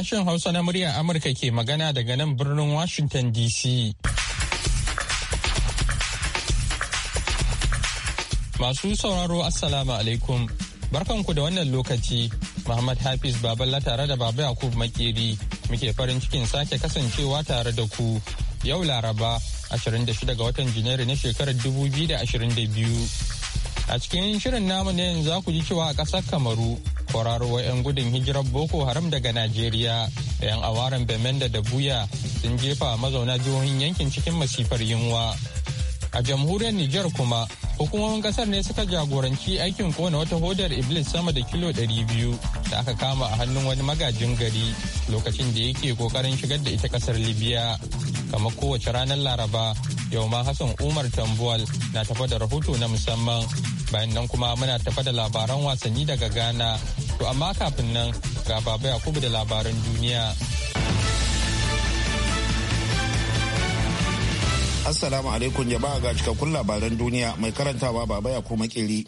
Sashen Hausa na muryar Amurka ke magana daga nan birnin Washington DC. Masu sauraro Assalamu alaikum. Barkanku da wannan lokaci, Muhammad Hafiz Baballa tare da Baba Yakub Makeri muke farin cikin sake kasancewa tare da ku. Yau Laraba, 26 ga watan Janairu na shekarar 2022. A cikin shirin namu ne yanzu za ku ji cewa a ƙasar Kamaru kwararowa 'yan gudun hijirar boko haram daga najeriya da 'yan awaren bemen da buya sun jefa mazauna jihohin yankin cikin masifar yunwa a jamhuriyar niger kuma hukumomin kasar ne suka jagoranci aikin kona wata hodar iblis sama da kilo 200 da aka kama a hannun wani magajin gari lokacin da yake kokarin shigar da ita kasar libya kamar kowace ranar laraba yau ma hassan umar tambuwal na tafa da rahoto na musamman bayan nan kuma muna tafa da labaran wasanni daga ghana To amma kafin nan ga baba Yakubu da labaran duniya. Assalamu alaikum jama'a ga cikakkun labaran duniya mai karantawa baba Yakubu makeri.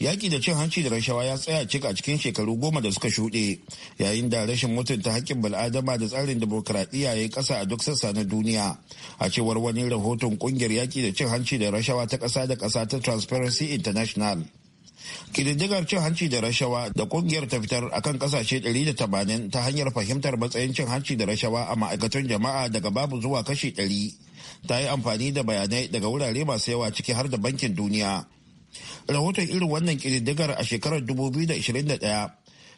yaƙi da cin hanci da rashawa ya tsaya cika a cikin shekaru goma da suka shuɗe yayin da rashin mutunta haƙƙin bil'adama da tsarin dimokuraɗiyya ya yi ƙasa a duk sassa na duniya a cewar wani rahoton ƙungiyar yaki da cin hanci da rashawa ta ƙasa da ƙasa ta transparency international kididdigar cin hanci da rashawa da kungiyar ta fitar akan kasashe 180 ta hanyar fahimtar matsayin cin hanci da rashawa a ma'aikatan jama'a daga babu zuwa kashi 100 ta yi amfani da bayanai daga wurare masu yawa ciki har da bankin duniya rahoton irin wannan kididdigar a shekarar 2021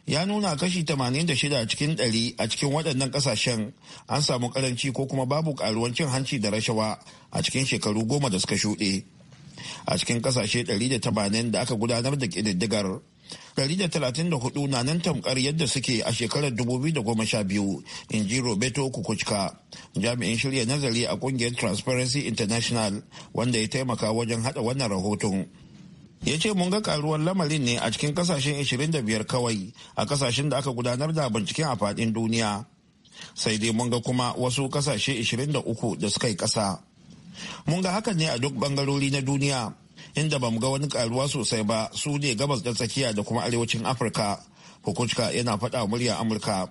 ya nuna kashi 86 cikin 100 a cikin waɗannan ƙasashen an samu ƙaranci ko kuma babu ƙaruwan cin hanci da rashawa a cikin shekaru goma da suka shuɗe. a cikin kasashe 180 da aka gudanar da ƙididdigar 134 na nan tamkar yadda suke a shekarar 2012 in ji roberto kukuchka jami'in shirya nazari a kungiyar transparency international wanda ya taimaka wajen hada wannan rahoton ya ce mun ga karuwar lamarin ne a cikin kasashen 25 kawai a kasashen da aka gudanar da binciken a fadin duniya sai dai mun ga kuma wasu kasashe 23 da suka yi kasa. mun ga hakan ne a duk bangarori na duniya inda ba mu ga wani karuwa sosai ba su ne gabas da tsakiya da kuma arewacin afirka Hukunci yana faɗa murya amurka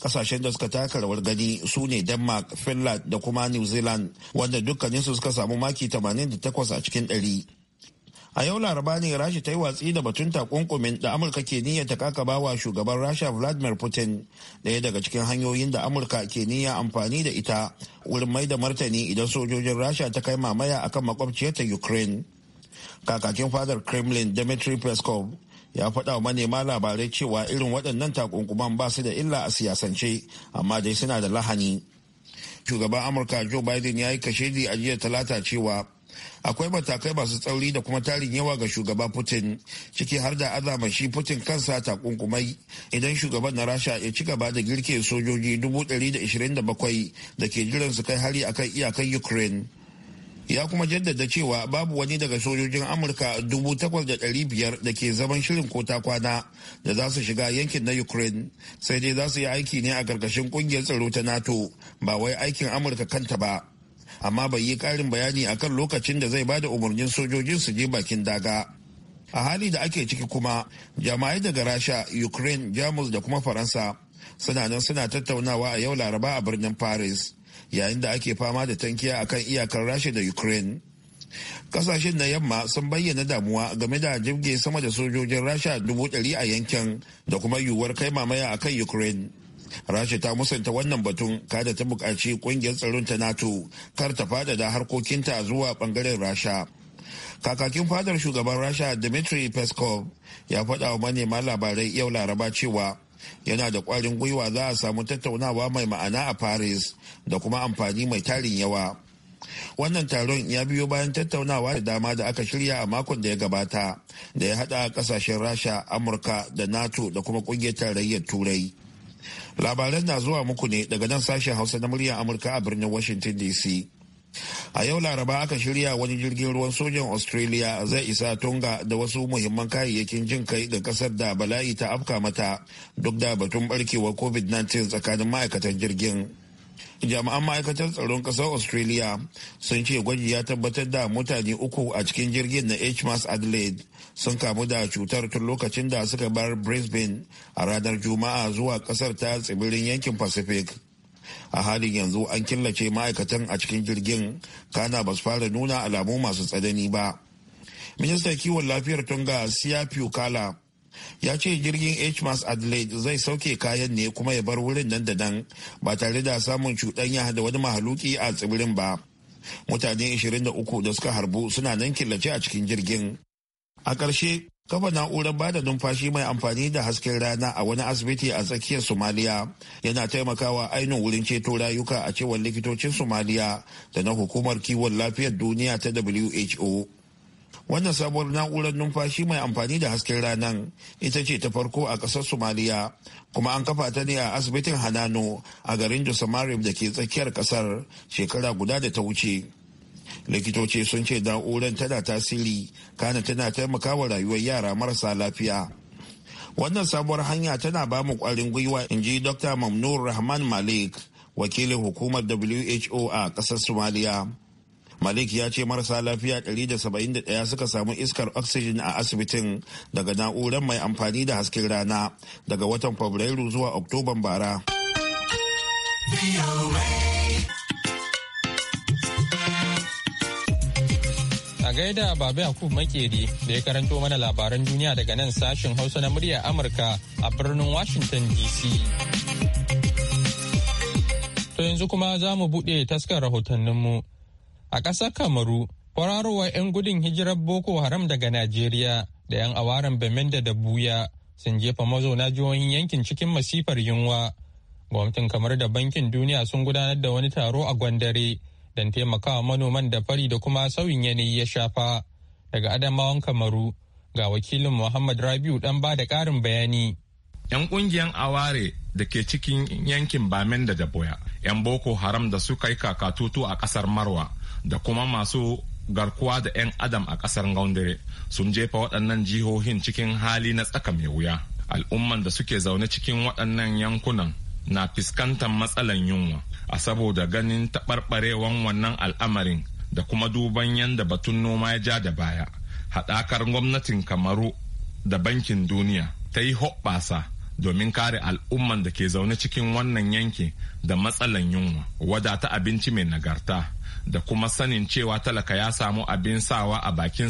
kasashen da suka taka rawar gani su ne denmark finland da kuma new zealand wanda dukkaninsu suka samu maki 88 a cikin 100 a yau laraba ne rasha ta yi watsi da batun takunkumin da amurka ke niyyar ta kaka bawa shugaban rasha vladimir putin daya daga cikin hanyoyin da amurka ke niyya amfani da ita wurin mai da martani idan sojojin rasha ta kai mamaya akan makwabciyarta ukraine kakakin fadar kremlin dmitry peskov ya faɗa manema labarai cewa irin waɗannan takunkuman ba su da illa a siyasance amma dai suna da lahani shugaban amurka joe biden ya yi kashedi a jiya talata cewa akwai matakai masu tsauri da kuma tarin yawa ga shugaba putin ciki har da azama shi putin kansa takunkumai idan shugaban na rasha ya ci gaba da girke sojoji 127 da ke jiran su kai hari akan iyakar ukraine ya kuma jaddada cewa babu wani daga sojojin amurka 8,500 da ke zaman shirin ko ta kwana da za su shiga yankin na ukraine sai dai za su yi aiki ne a ƙarƙashin ƙungiyar tsaro ta nato ba wai aikin amurka kanta ba amma bai yi ƙarin bayani akan lokacin da zai bada umarnin sojojin su je bakin daga a hali da ake ciki kuma jama'ai daga rasha ukraine jamus da kuma faransa suna nan suna tattaunawa a yau laraba a birnin paris yayin da ake fama da tankiya akan iyakar rasha da ukraine kasashen na yamma sun bayyana damuwa game da jirge sama da sojojin rasha dubu ɗari a yankin da kuma yiwuwar kai mamaya akan ukraine rasha ta musanta wannan batun kada ta buƙaci ƙungiyar tsaron ta nato kar ta faɗaɗa harkokinta zuwa ɓangaren rasha kakakin fadar shugaban rasha dmitry peskov ya faɗa wa manema labarai yau laraba cewa yana da ƙwarin gwiwa za a samu tattaunawa mai ma'ana a paris da kuma amfani mai tarin yawa wannan taron ya biyo bayan tattaunawa da dama da aka shirya a makon da ya gabata da ya haɗa kasashen rasha amurka da nato da kuma kungiyar tarayyar turai labaran na zuwa muku ne daga nan sashen hausa na muryar amurka a birnin washington dc a yau laraba aka shirya wani jirgin ruwan sojan australia zai isa tonga da wasu muhimman kayayyakin jin kai ga kasar da bala'i ta afka mata duk da batun barkewar covid-19 tsakanin ma'aikatan jirgin jami'an ma'aikatar tsaron kasar australia sun ce gwaji ya tabbatar da mutane uku a cikin jirgin na hmas adelaide sun kamu da cutar tun lokacin da suka bar brisbane a ranar juma'a zuwa kasar ta tsibirin yankin pacific a halin yanzu an killace ma'aikatan a cikin jirgin kana ba su fara nuna alamu masu tsanani ba ministan kiwon lafiyar tunga siya kala ya ce jirgin hmas adelaide zai sauke kayan ne kuma ya bar wurin nan da nan ba tare da samun cuɗanya da wani mahaluki a tsibirin ba mutane 23 da suka harbu suna nan killace a cikin jirgin a ƙarshe kafa na'urar bada numfashi mai amfani da hasken rana a wani asibiti a tsakiyar somalia yana taimakawa ainihin wurin ceto rayuka a cewar likitocin somaliya da na hukumar kiwon lafiyar duniya ta who wannan sabuwar na'urar numfashi mai amfani da hasken ranar ita ce ta farko a ƙasar somaliya kuma an kafa ta ne a asibitin hanano a garin da ke tsakiyar ƙasar shekara guda da ta wuce likitoci sun ce na'urar tana tasiri kana tana taimakawa rayuwar yara marasa lafiya wannan sabuwar hanya tana ba mu kwarin gwiwa in ji dr mamnur rahman malik wakilin hukumar who a ƙasar somaliya malik ya ce marasa lafiya 171 suka samu iskar oxygen a asibitin daga na'urar mai amfani da hasken rana daga watan fabrairu zuwa oktoban bara. A gaida Baba Yakub Makeri da ya karanto mana labaran duniya daga nan sashen Hausa na murya Amurka a birnin Washington DC. To yanzu kuma za mu buɗe taskar rahotanninmu. A ƙasar Kamaru, kwararowar 'yan gudun hijirar Boko Haram daga Najeriya da 'yan awaren bemen da Buya sun jefa mazauna jihohin yankin cikin masifar yunwa. Gwamnatin kamar da Bankin Duniya sun gudanar da wani taro a Gwandare. don taimakawa manoman da fari da kuma sauyin yanayi ya shafa daga adamawan kamaru ga wakilin muhammad rabiu dan ba da karin bayani yan kungiyan aware da ke cikin yankin bamen da daboya yan boko haram da suka yi kakatutu a kasar marwa da kuma masu garkuwa da 'yan adam a kasar gaundare sun jefa waɗannan jihohin cikin hali na tsaka mai wuya al'umman da suke zaune cikin waɗannan yankunan na fuskantar matsalan yunwa a saboda ganin taɓarɓarewan wannan al'amarin da kuma duban yadda batun noma ya ja da baya haɗakar gwamnatin kamaru da bankin duniya ta yi hoɓɓasa domin kare al'umman da ke zaune cikin wannan yanki da matsalan yunwa wadata abinci mai nagarta da kuma sanin cewa talaka ya samu abin sawa a bakin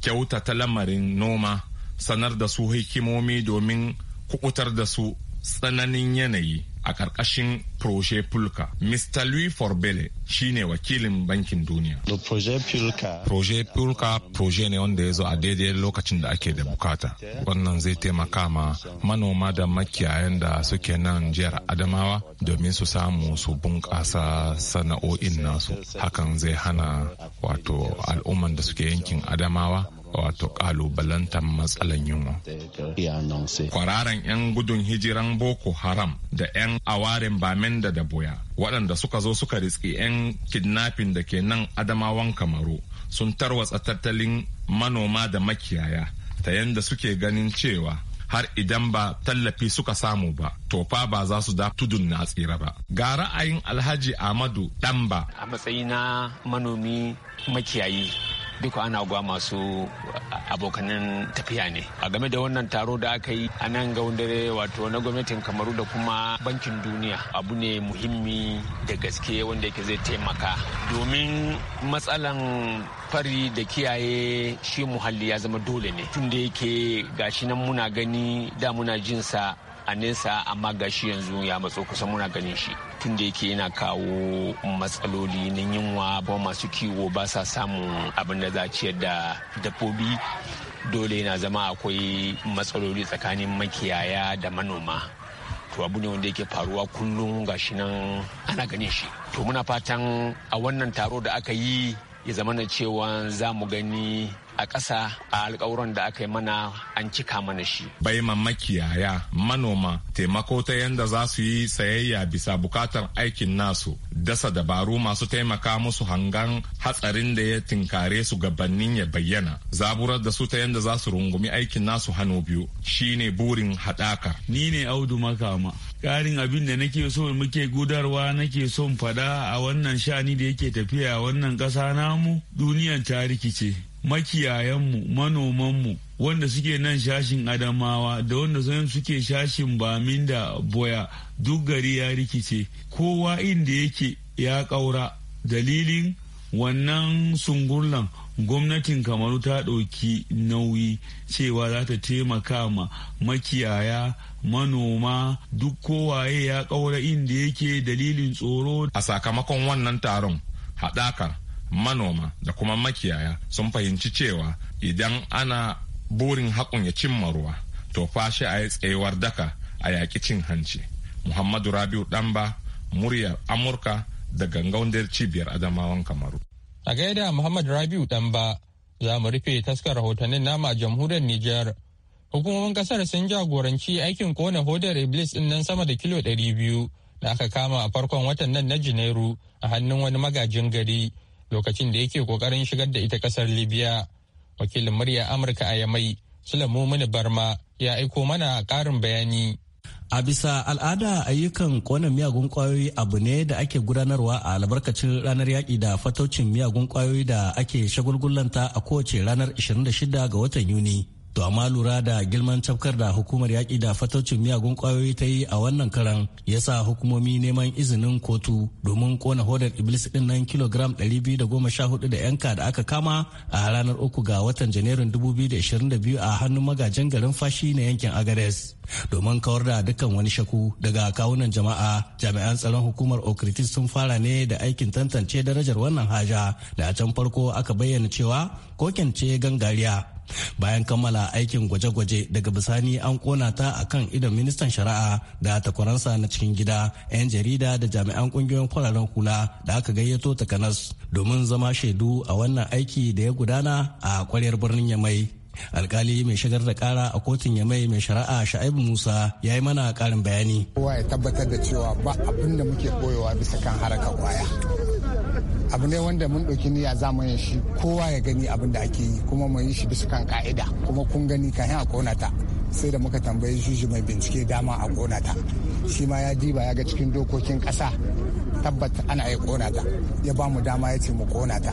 kyauta ta lamarin noma sanar da su hikimomi domin kukutar da su tsananin yanayi a ƙarƙashin Proje Pulka. Mr. Louis Forbele shine wakilin Bankin Duniya. Proje Pulka Proje ne wanda ya zo a daidai lokacin da ake da bukata. Wannan zai taimaka ma manoma da makiyayan da suke nan jihar Adamawa domin su samu su bunƙasa sana'o'in nasu. Hakan zai hana wato al'umman da suke yankin Adamawa wato kalubalantar matsalan yunwa. Kwararan 'yan gudun hijiran Boko Haram da 'yan awarin Bamenda da Boya waɗanda suka zo suka riski 'yan kidnapping da ke nan Adamawan Kamaru sun tarwatsa tattalin manoma da makiyaya ta yadda suke ganin cewa har idan ba tallafi suka samu ba to fa ba za su da tudun na tsira ba ga ra'ayin alhaji amadu ɗanba a matsayi na manomi makiyayi duka ana gwa masu abokanan tafiya ne a game da wannan taro da aka yi a nan ga dare wato na gwamnatin kamaru da kuma bankin duniya abu ne muhimmi da gaske wanda yake zai taimaka domin matsalan fari da kiyaye shi muhalli ya zama dole ne tun da yake gashi nan muna gani da muna jinsa a nesa amma gashi yanzu ya matso kusan muna ganin shi tun da yake yana kawo matsaloli na yunwa ba masu kiwo ba sa samun abin da za ciyar da dabbobi dole yana zama akwai matsaloli tsakanin makiyaya da manoma to abu ne wanda yake faruwa kullum gashi nan ana ganin shi to muna fatan a wannan taro da aka yi ya zama na cewa za mu gani a ƙasa a alƙawuran da aka yi mana an cika mana shi. Bai makiyaya manoma taimako ta yanda za su yi sayayya bisa bukatar aikin nasu dasa dabaru masu taimaka musu hangan hatsarin da ya tinkare su gabanin ya bayyana zaburar da su ta yanda za su rungumi aikin nasu hannu biyu shine burin haɗaka. Ni ne Audu Makama. karin abin da nake so muke gudarwa nake son fada a wannan shani da yake tafiya a wannan ƙasa namu duniyar ta rikice. makiyayanmu manomanmu wanda suke nan shashin adamawa da wanda suke shashin bamin da boya duk gari ya rikice kowa inda yake ya ƙaura dalilin wannan sungurlan gwamnatin kamaru ta ɗauki nauyi cewa za ta taimaka ma makiyaya manoma duk kowaye ya ƙaura inda yake dalilin tsoro a sakamakon wannan taron haɗakar manoma da kuma makiyaya sun fahimci cewa idan ana burin haƙun ya cimma ruwa to fashe a yi tsayuwar daka a yaƙi cin hanci muhammadu rabiu ɗanba muryar amurka da gangaundar cibiyar adamawan kamaru a gaida muhammad rabiu ɗanba za mu rufe taskar rahotannin nama a jamhuriyar nijar hukumomin kasar sun jagoranci aikin kona hodar iblis ɗin nan sama da kilo ɗari biyu da aka kama a farkon watan nan na janairu a hannun wani magajin gari lokacin da yake kokarin shigar da ita kasar libya wakilin murya amurka a yamai sulamu barma ya aiko mana karin bayani A bisa al'ada ayyukan kona miyagun kwayoyi abu ne da ake gudanarwa a albarkacin ranar yaƙi da fataucin miyagun kwayoyi da ake shagulgulanta a kowace ranar 26 ga watan Yuni. To amma lura da girman cafkar da hukumar yaƙi da fataucin miyagun ƙwayoyi ta yi a wannan karan ya sa hukumomi neman izinin kotu domin kona hodar iblis ɗin nan kilogram 214 da yanka da aka kama a ranar uku ga watan janairun 2022 a hannun magajin garin fashi na yankin agares domin kawar da dukkan wani shaku daga kawunan jama'a jami'an tsaron hukumar okritis sun fara ne da aikin tantance darajar wannan haja da a can farko aka bayyana cewa koken ce gangariya bayan kammala aikin gwaje-gwaje daga bisani an kona ta a kan idon ministan shari'a da takwaransa na cikin gida 'yan jarida da jami'an kungiyoyin kwararren hula da aka gayyato takanas domin zama shaidu a wannan aiki da ya gudana a kwaryar birnin yamai alkali mai shigar da kara a kotun ya mai shari'a sha'ibu musa ya yi mana karin bayani kowa ya tabbatar da cewa ba abin da muke koyowa bisa kan haraka kwaya abu ne wanda mun ɗauki niyya za mu yi shi kowa ya gani abin da ake yi kuma mu yi shi bisa kan ka'ida kuma kun gani kayan a kona ta sai da muka tambayi juji mai bincike dama a kona ta shi ma ya diba ya ga cikin dokokin ƙasa tabbat ana ya kona ta ya ba mu dama ya ce mu kona ta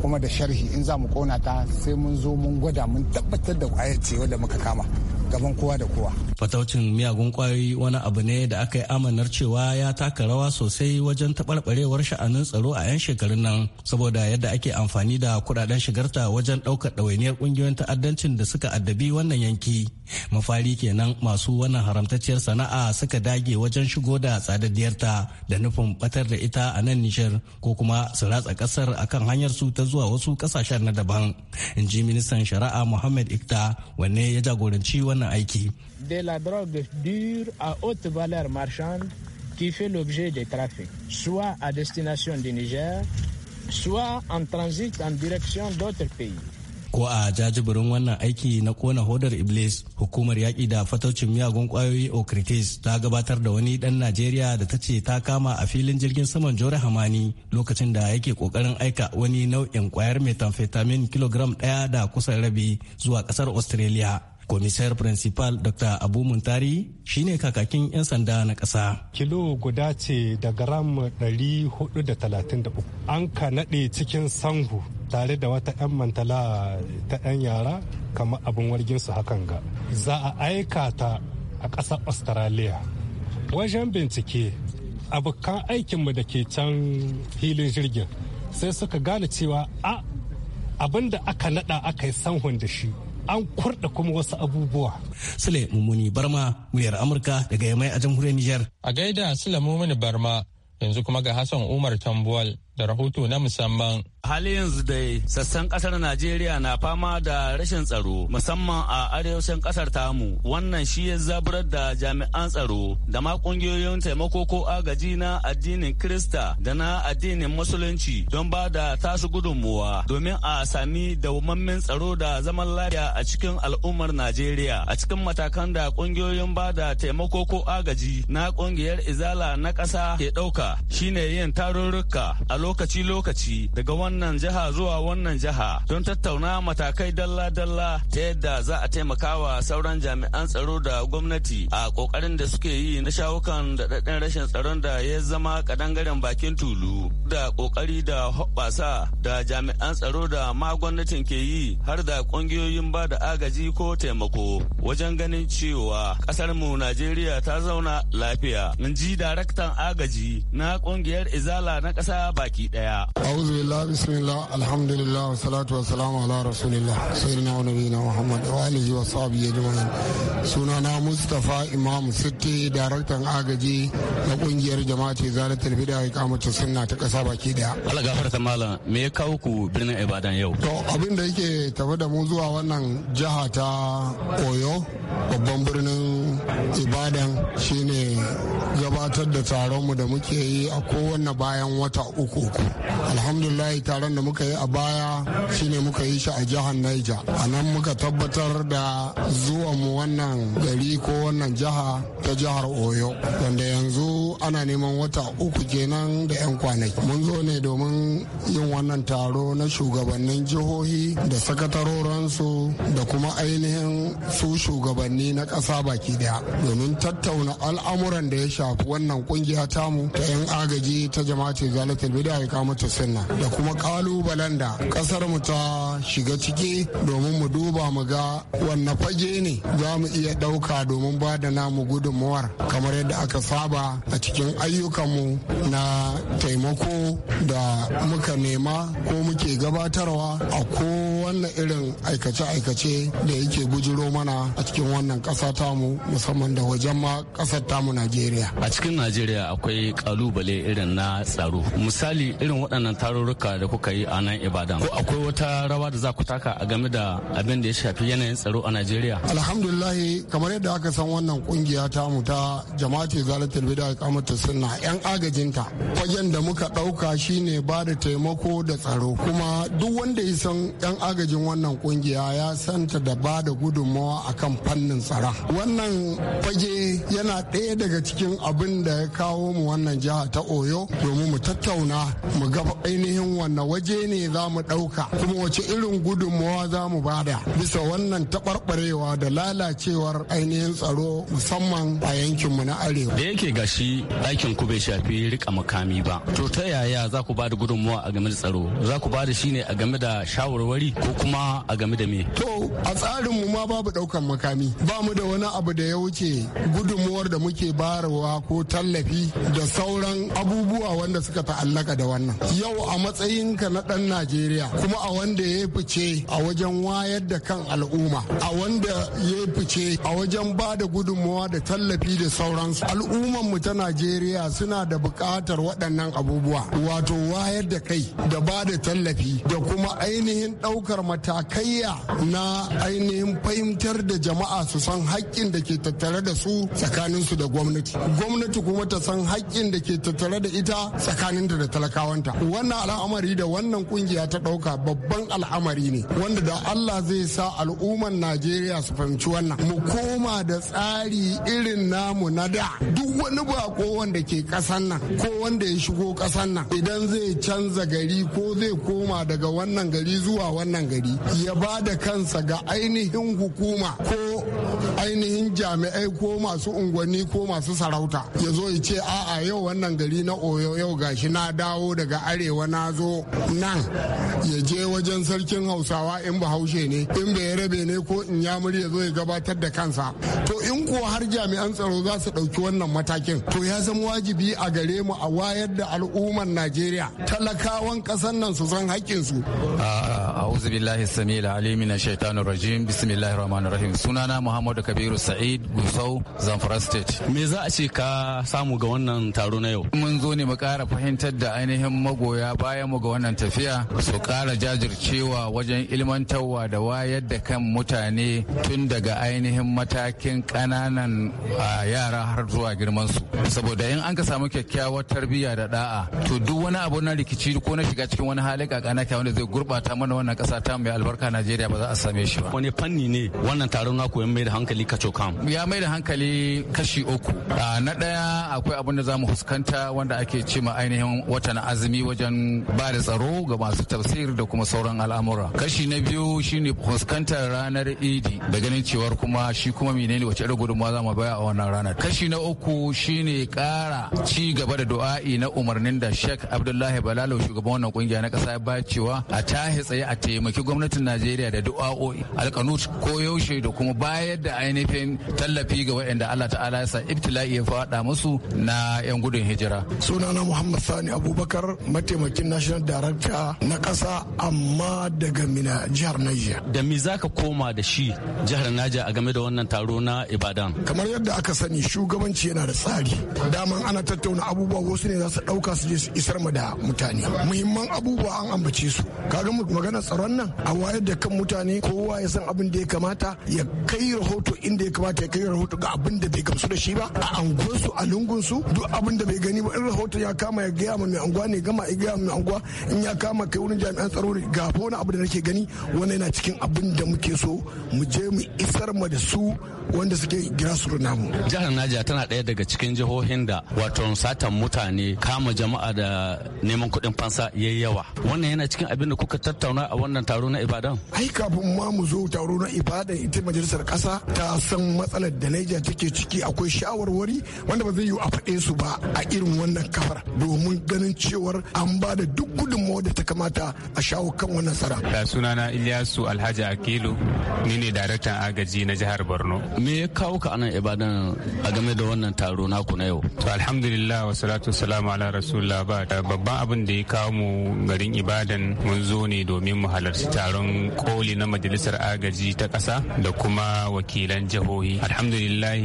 kuma da sharhi in za mu kona ta sai mun zo mun gwada mun tabbatar da kwaya ce wadda muka kama gaban kowa da kowa fataucin miyagun kwayoyi wani abu ne da aka yi amanar cewa ya taka rawa sosai wajen taɓarɓarewar sha'anin tsaro a 'yan shekarun nan saboda yadda ake amfani da kuɗaɗen shigarta wajen ɗaukar ɗawainiyar ƙungiyoyin ta'addancin da suka addabi wannan yanki mafari kenan masu wannan haramtacciyar sana'a suka dage wajen shigo da tsadaddiyarta da nufin batar da ita a nan nishar ko kuma su ratsa ƙasar akan hanyar su ta zuwa wasu ƙasashen na daban in ji ministan shari'a muhammad ikta wanne ya jagoranci wannan aiki la drogue dure à haute valeur marchande qui fait l'objet des trafics, soit à destination du Niger, soit en transit en direction d'autres pays. Ko a jajibirin wannan aiki na kona hodar Iblis, hukumar yaƙi da fataucin miyagun ƙwayoyi Okritis ta gabatar da wani ɗan Najeriya da ta ce ta kama a filin jirgin saman Jore Hamani lokacin da yake ƙoƙarin aika wani nau'in ƙwayar methamphetamine kilogram ɗaya da kusan rabi zuwa ƙasar Australia. Komisar principal Dr. Abu Muntari shine kakakin 'yan sanda na ƙasa. Kilo guda ce da gram 433. An ka naɗe cikin sangu tare da wata 'yan mantala ta 'yan yara kamar abin warginsu hakan ga. Za a aika ta a ƙasar Australia. Wajen bincike, abokan aikinmu da ke can filin jirgin sai suka gane cewa a abin da aka naɗa aka yi sanhun da shi an kurda kuma wasu abubuwa. Sule Mumuni Barma, muryar Amurka daga Yamai a jamhuriyar Nijar. A gaida Sule Mumuni Barma, yanzu kuma ga Hassan Umar Tambuwal da rahoto na musamman. Hali yanzu dai sassan kasar najeriya na fama da rashin tsaro musamman a arewacin kasar tamu wannan shi ya zaburar da jami'an tsaro da ma kungiyoyin taimako ko agaji na addinin krista da na addinin musulunci don ba da tasu gudunmuwa domin a sami dawwammamin tsaro da zaman lafiya a cikin al'ummar najeriya a cikin matakan da kungiyoyin ba da taimako ko agaji na kungiyar izala na ƙasa ke ɗauka shine yin tarurruka a lokaci-lokaci daga wannan wannan jiha zuwa wannan jiha don tattauna matakai dalla-dalla ta yadda za a taimakawa sauran jami'an tsaro da gwamnati a kokarin da suke yi na shawukan daɗaɗɗen rashin tsaron da ya zama kadangaren bakin tulu da kokari da hoɓɓasa da jami'an tsaro da ma gwamnatin ke yi har da ƙungiyoyin ba da agaji ko taimako wajen ganin cewa ƙasar mu Najeriya ta zauna lafiya. In ji daraktan agaji na ƙungiyar Izala na ƙasa baki ɗaya. bismillah wa salatu wa salamu ala rasulillah sayyidina wa nabiyina muhammad wa alihi wa sahbihi ajma'in sunana mustafa imam sitti daraktan agaji na kungiyar jama'a ce zalatul bid'a iqamatu sunna ta kasa baki daya Allah gafarta malam me ya birnin Ibadan yau to da yake tafe da mu zuwa wannan jiha ta Oyo babban birnin Ibadan shine gabatar da taron mu da muke yi a kowanne bayan wata uku alhamdulillah taron da muka yi a baya shine muka yi shi a jihar Niger. A nan muka tabbatar da zuwa mu wannan gari ko wannan jiha ta jihar Oyo. Wanda yanzu ana neman wata uku kenan da 'yan kwanaki. Mun zo ne domin yin wannan taro na shugabannin jihohi da sakatarorinsu da kuma ainihin su shugabanni na ƙasa baki daya domin tattauna al'amuran da ya shafi wannan kungiya tamu ta 'yan agaji ta jama'a ce zalatul bida ya kama ta sunna da kuma kalubalen da kasar mu ta shiga ciki domin mu duba mu ga wanne fage ne za mu iya ɗauka domin ba da namu gudunmuwar kamar yadda aka saba a cikin ayyukanmu na taimako da muka nema ko muke gabatarwa a kowane irin aikace-aikace da yake bujiro mana a cikin wannan ƙasa tamu musamman da wajen ma ƙasar tamu najeriya a cikin najeriya akwai kalubale irin na tsaro misali irin waɗannan tarurruka da kuka yi a nan Ibadan. Ko akwai wata rawa da za ku taka a game da abin da ya shafi yanayin tsaro a Najeriya? Alhamdulillah kamar yadda aka san wannan kungiya ta mu ta jama'ati zalatul bida kamata sunna yan agajinta fagen da muka dauka shine ba da taimako da tsaro kuma duk wanda ya san yan agajin wannan kungiya ya santa da ba da gudunmawa akan fannin tsara. Wannan fage yana ɗaya daga cikin abin da ya kawo mu wannan jiha ta Oyo domin mu tattauna mu gaba ainihin wannan wani waje ne za mu ɗauka kuma wace irin gudunmawa za mu bada bisa wannan taɓarɓarewa da lalacewar ainihin tsaro musamman a yankinmu na arewa. Da yake gashi ɗakin ku bai shafi rika makami ba. To ta yaya za ku bada gudunmawa a game da tsaro? Za ku bada shi ne a game da shawarwari ko kuma a game da me? To a tsarinmu ma babu ɗaukan makami. Ba mu da wani abu da ya wuce gudunmawar da muke barawa ko tallafi da sauran abubuwa wanda suka ta'allaka da wannan. Yau a matsayin matsayinka na ɗan Najeriya kuma a wanda ya fice a wajen wayar da kan al'umma a wanda ya fice a wajen ba da gudunmawa da tallafi da sauransu al'umman mu ta Najeriya suna da bukatar waɗannan abubuwa wato wayar da kai da ba da tallafi da kuma ainihin ɗaukar matakaiya na ainihin fahimtar da jama'a su san haƙƙin da ke tattare da su tsakaninsu da gwamnati gwamnati kuma ta san haƙƙin da ke tattare da ita tsakaninta da talakawanta wannan al'amari da wannan kungiya ta dauka babban al'amari ne wanda da Allah zai sa al'umman Najeriya su fahimci wannan mu koma da tsari irin namu na da duk wani bako wanda ke kasan nan ko wanda ya shigo kasan nan idan zai canza gari ko zai koma daga wannan gari zuwa wannan gari ya ba da kansa ga ainihin hukuma ko ainihin jami'ai ko masu unguwanni ko masu sarauta ya zo ya ce a'a yau wannan gari na oyo yau gashi na dawo daga arewa na zo nan ya je wajen sarkin hausawa in ba haushe ne in bai rabe ne ko in ya ya zo ya gabatar da kansa to in kuwa har jami'an tsaro za su ɗauki wannan matakin to ya zama wajibi a gare mu a wayar da al'ummar najeriya talakawan ƙasar nan su san su a'udhu billahi samil alimi na shaitanir rajim bismillahir rahmanir rahim sunana muhammadu kabiru sa'id gusau zamfara state me za a ce ka samu ga wannan taro na yau mun zo ne mu kara fahimtar da ainihin magoya bayan mu ga wannan tafiya su kara jajircewa wajen ilmantarwa da wayar da kan mutane tun daga ainihin matakin a yara har zuwa girmansu saboda in an ka samu kyakkyawar tarbiyya da da'a to duk wani abu na rikici ko na shiga cikin wani hali kakana kya wanda zai gurbata mana wannan kasa ta mai albarka najeriya ba za a same shi ba wani fanni ne wannan taron naku ya mai da hankali kacho kam ya mai da hankali kashi uku na ɗaya akwai abin da za mu fuskanta wanda ake ce ma ainihin watan azumi wajen ba da tsaro ga masu tafsir da kuma sauran al'amura kashi na biyu shine fuskantar ranar idi da ganin cewar kuma shi kuma menene wace irin gudunmawa za mu baya a wannan ranar kashi na uku shine kara ci gaba da du'a'i na umarnin da Sheikh Abdullahi Balalo shugaban wannan kungiya na kasa ya bayar cewa a tahi tsaye a taimaki gwamnatin Najeriya da du'a'o'i alkanut ko yaushe da kuma bayar da ainihin tallafi ga waɗanda Allah ta'ala ya sa ibtila'i ya faɗa musu na 'yan gudun hijira sunana Muhammad Sani Abubakar mataimakin National darakta na ƙasa amma daga mina jihar Niger. Da mi za ka koma da shi jihar Niger a game da wannan taro na Ibadan? Kamar yadda aka sani shugabanci yana da tsari. Daman ana tattauna abubuwa wasu ne za su ɗauka su je su isar ma da mutane. Muhimman abubuwa an ambace su. Ka ga magana tsaron nan a wayar da kan mutane kowa ya san abin da ya kamata ya kai rahoto inda ya kamata ya kai rahoto ga abin da bai gamsu da shi ba a anguwansu a lungunsu duk abin da bai gani ba in rahoto ya kama ya gaya ma mai anguwa ne gama ya gaya ma mai anguwa in ya kama kai wurin jami'an tsaro ne ga wani abu da nake gani wannan yana cikin abin da muke so mu je mu isar ma da su wanda suke su namu jihar Najeriya tana ɗaya daga cikin jihohin da wato satan mutane kama jama'a da neman kuɗin fansa yi yawa wannan yana cikin abin da kuka tattauna a wannan taro na Ibadan ai kafin ma mu zo taro na Ibadan ita majalisar ƙasa ta san matsalar da naija take ciki akwai shawarwari wanda ba zai yiwu a faɗe su ba a irin wannan kafar domin ganin cewar an ba da duk gudunmawa da ta kamata a shawo kan wannan tsara. Da sunana Ilyasu Alhaji Akilu ni ne daraktan agaji na jihar Borno. Me ya kawo ka anan Ibadan a game da wannan taro naku na yau? To alhamdulillah wa salatu salamu ala rasulullah ba babban abin da ya kawo mu garin Ibadan mun zo ne domin mu halarci taron koli na majalisar agaji ta ƙasa da kuma wakilan jihohi. Alhamdulillah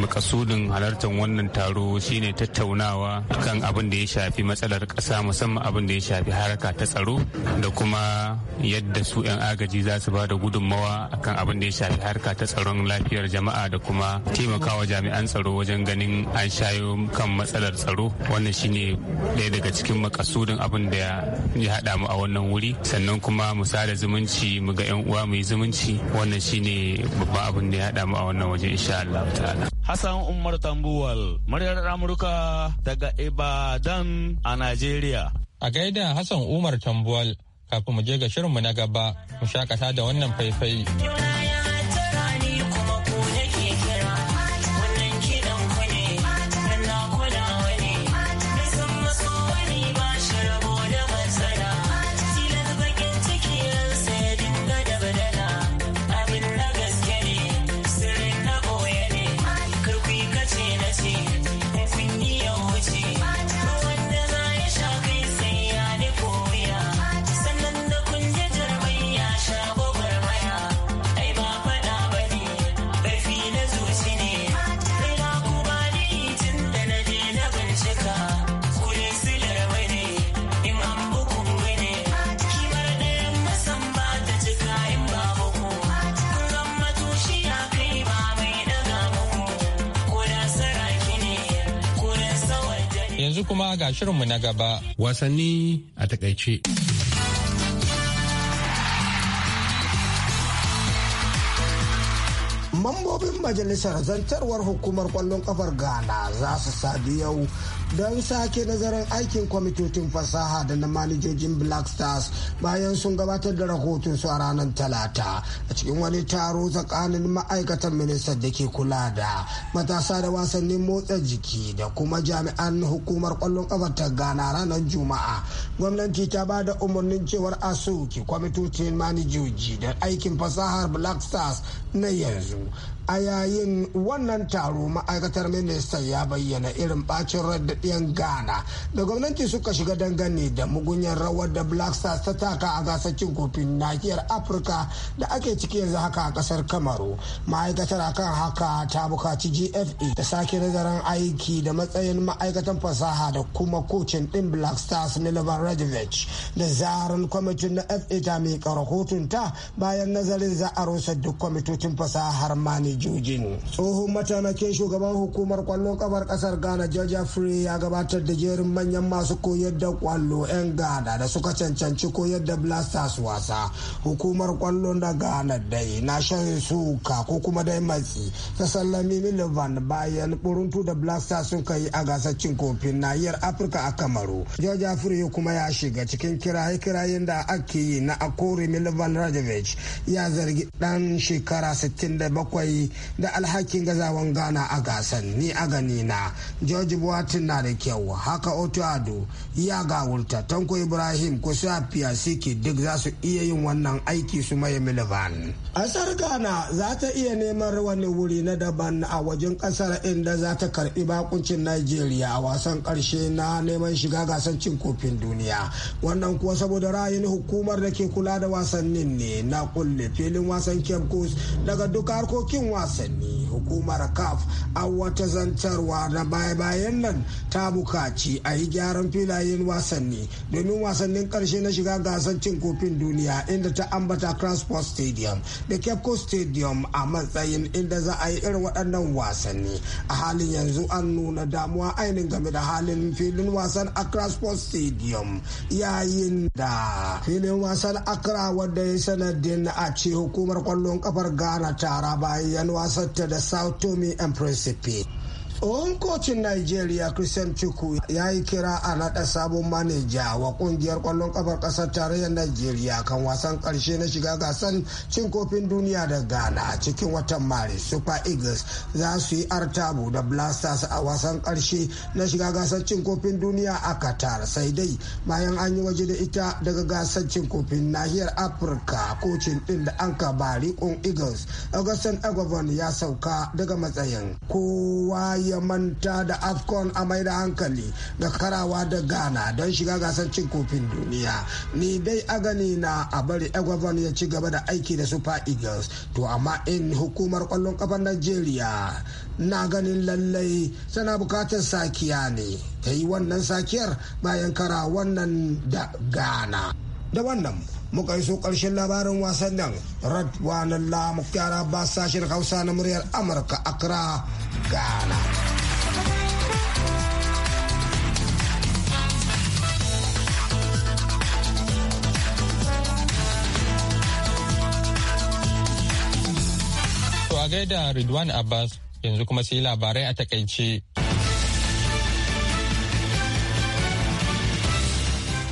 makasudin halartar wannan taro shine tattaunawa kan abin da ya shafi matsalar ƙasa musamman abin da ya shafi shafi haraka ta tsaro da kuma yadda su 'yan agaji za su ba da gudunmawa akan abin da ya shafi harka ta tsaron lafiyar jama'a da kuma taimakawa jami'an tsaro wajen ganin an shayo kan matsalar tsaro wannan shine ɗaya daga cikin makasudin abin da ya haɗa mu a wannan wuri sannan kuma mu sada zumunci mu ga 'yan uwa mu yi zumunci wannan shine babban abin da ya haɗa mu a wannan waje insha Allah ta'ala Hassan Umar Tambuwal muryar Amurka daga Ibadan a Najeriya A gaida Hassan Umar Tambuwal kafin mu je ga shirinmu na gaba mu shakata da wannan faifai. shirinmu na gaba. Wasanni a takaice. Mambobin majalisar zantarwar hukumar kwallon kafar Ghana za su sadu yau don sake nazarin aikin kwamitotin fasaha da na manajojin black stars bayan sun gabatar da rahoton su a ranar talata a cikin wani taro tsakanin ma'aikatan ministan da ke kula da matasa da wasannin motsa jiki da kuma jami'an hukumar kwallon kafa ta gana ranar juma'a gwamnati ta ba da umarnin cewar a soke kwamitocin manajoji da aikin fasahar black stars na yanzu a yayin wannan taro ma'aikatar ministan ya bayyana irin bacin rai ɗiyan ghana da gwamnati suka shiga dangane da mugunyar rawar da black stars ta taka a gasar cin kofin nahiyar afirka da ake ciki yanzu haka a kasar kamaru ma'aikatar akan haka ta bukaci gfa da sake nazarin aiki da matsayin ma'aikatan fasaha da kuma kocin din black stars milovan radovich da zarar kwamitin na fa ta miƙa rahotonta ta bayan nazarin za a rusa duk kwamitocin fasahar manejojin tsohon mataimakin shugaban hukumar kwallon kafar kasar ghana georgia free ya gabatar da jerin manyan masu koyar da kwallo 'yan Ghana da suka cancanci koyar da Blasters wasa. Hukumar kwallon da Ghana dai na shan suka ko kuma dai matsi ta sallami Milivan bayan buruntu da Blasters sun kai a gasar cin kofin nahiyar Afirka a Kamaru. George Afriyo kuma ya shiga cikin kiraye-kirayen da ake yi na Akori Milivan Rajevic ya zargi dan shekara 67 da alhakin gazawan Ghana a gasan ni a gani na. George buwatin na da kyau haka otu ado ya wurta tanko ibrahim kusa fiyasiki duk za su iya yin wannan aiki su maye milivan asar ghana za ta iya neman wani wuri na daban a wajen ƙasar inda za ta karɓi bakuncin nigeria a wasan karshe na neman shiga gasar cin kofin duniya wannan kuwa saboda ra'ayin hukumar da ke kula da wasannin ne na kulle filin wasan cape coast daga duk harkokin wasanni hukumar caf a wata zantarwa na baya-bayan nan ta bukaci a yi gyaran filayen wasanni domin wasannin karshe na shiga gasar cin kofin duniya inda ta ambata crossport stadium da cape coast stadium a matsayin inda za a yi irin waɗannan wasanni a halin yanzu an nuna damuwa ainihin game da halin filin wasan accra sports stadium yayin da filin wasan accra wadda ya sanadin a ce hukumar kwallon kafar ghana tara bayan wasanta da South Tomi and principe tsohon kocin najeriya christian chuku ya yi kira a naɗa sabon maneja wa ƙungiyar kwallon ƙafar ƙasar tarayyar najeriya kan wasan ƙarshe na shiga gasan cin kofin duniya da ghana cikin watan maris super eagles za su yi artabu da blasters a wasan ƙarshe na shiga gasar cin kofin duniya a qatar sai dai bayan an yi waje da ita daga gasar cin kofin nahiyar afirka kocin ɗin da an kabari eagles augustin agwavon ya sauka daga matsayin kowa ya ya manta da afcon a mai da hankali ga karawa da ghana don shiga gasar cin kofin duniya ni dai a gani na a bari egovan ya ci gaba da aiki da super eagles to amma in hukumar kwallon kafar nigeria na ganin lallai tana bukatar sakiya ne ta yi wannan sakiyar bayan kara wannan da ghana da wannan muka iso ƙarshen labarin wasan nan radwanan la mukyara ba sashen hausa na muryar amurka akra ghana To a gaida Ridwan Abbas yanzu kuma sai labarai a takaice.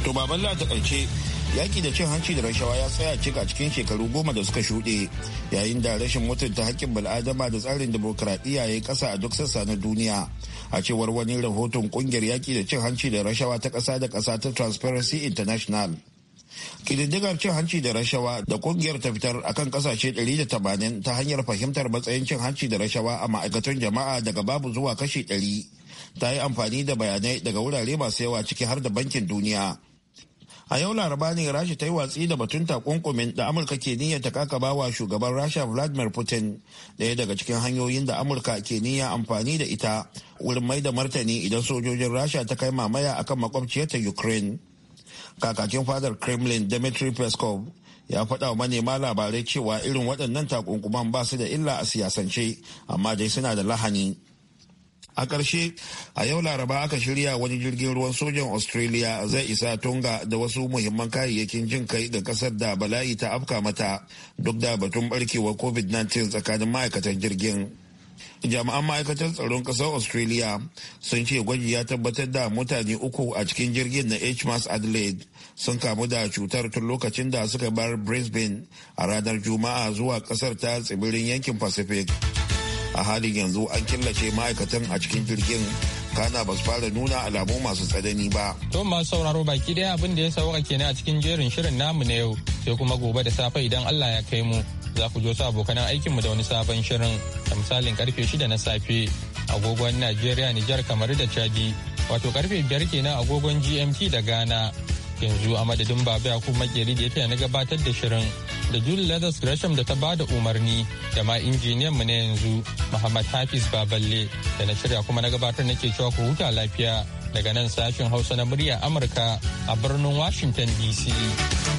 To baballa a takaice yaƙi da cin hanci da rashawa ya tsaya cika cikin shekaru goma da suka shuɗe yayin da rashin mutunta haƙƙin bil'adama da tsarin dimokuraɗiyya ya yi ƙasa a duk sassa na duniya a cewar wani rahoton ƙungiyar yaki da cin hanci da rashawa ta ƙasa da ƙasa ta transparency international kididdigar cin hanci da rashawa da kungiyar ta fitar akan kasashe 180 ta hanyar fahimtar matsayin cin hanci da rashawa a ma'aikatan jama'a daga babu zuwa kashi 100 ta yi amfani da bayanai daga wurare masu yawa ciki har da bankin duniya a yau laraba ne rasha ta yi watsi da batun takunkumin da amurka ke niyyar ta kakaba bawa shugaban rasha vladimir putin daya daga cikin hanyoyin da amurka ke niyya amfani da ita wurin mai da martani idan sojojin rasha ta kai mamaya akan makwabciyarta ukraine kakakin fadar kremlin dmitry peskov ya faɗa wa manema labarai cewa irin waɗannan takunkuman ba su da illa a siyasance amma dai suna da lahani a ƙarshe a yau laraba aka shirya wani jirgin ruwan sojan australia zai isa tonga da wasu muhimman kayayyakin jin kai ga ƙasar da bala'i ta afka mata duk da batun barkewar covid-19 tsakanin ma'aikatan jirgin jami'an ma'aikatar tsaron ƙasar australia sun ce gwaji ya tabbatar da mutane uku a cikin jirgin na hmas adelaide sun kamu da cutar tun lokacin da suka bar brisbane a ranar juma'a zuwa ƙasar ta tsibirin yankin pacific a halin yanzu an killace ma'aikatan a cikin jirgin kana ba su fara nuna alamu masu tsanani ba. To masu sauraro baki daya abin da ya sauka kenan a cikin jerin shirin namu na yau sai kuma gobe da safe idan Allah ya kai mu za ku jo su abokan aikin mu da wani sabon shirin da misalin karfe shida na safe agogon Najeriya Nijar kamar da Chadi wato karfe biyar kenan agogon GMT da Ghana yanzu a madadin Baba Yakubu Makeri da ya na gabatar da shirin da Julie Leathers Gresham da ta ba da umarni da ma injiniyan mu na yanzu Muhammad Hafiz Baballe da na shirya kuma na gabatar na ke cewa ku huta lafiya daga nan sashen Hausa na murya Amurka a birnin Washington DC.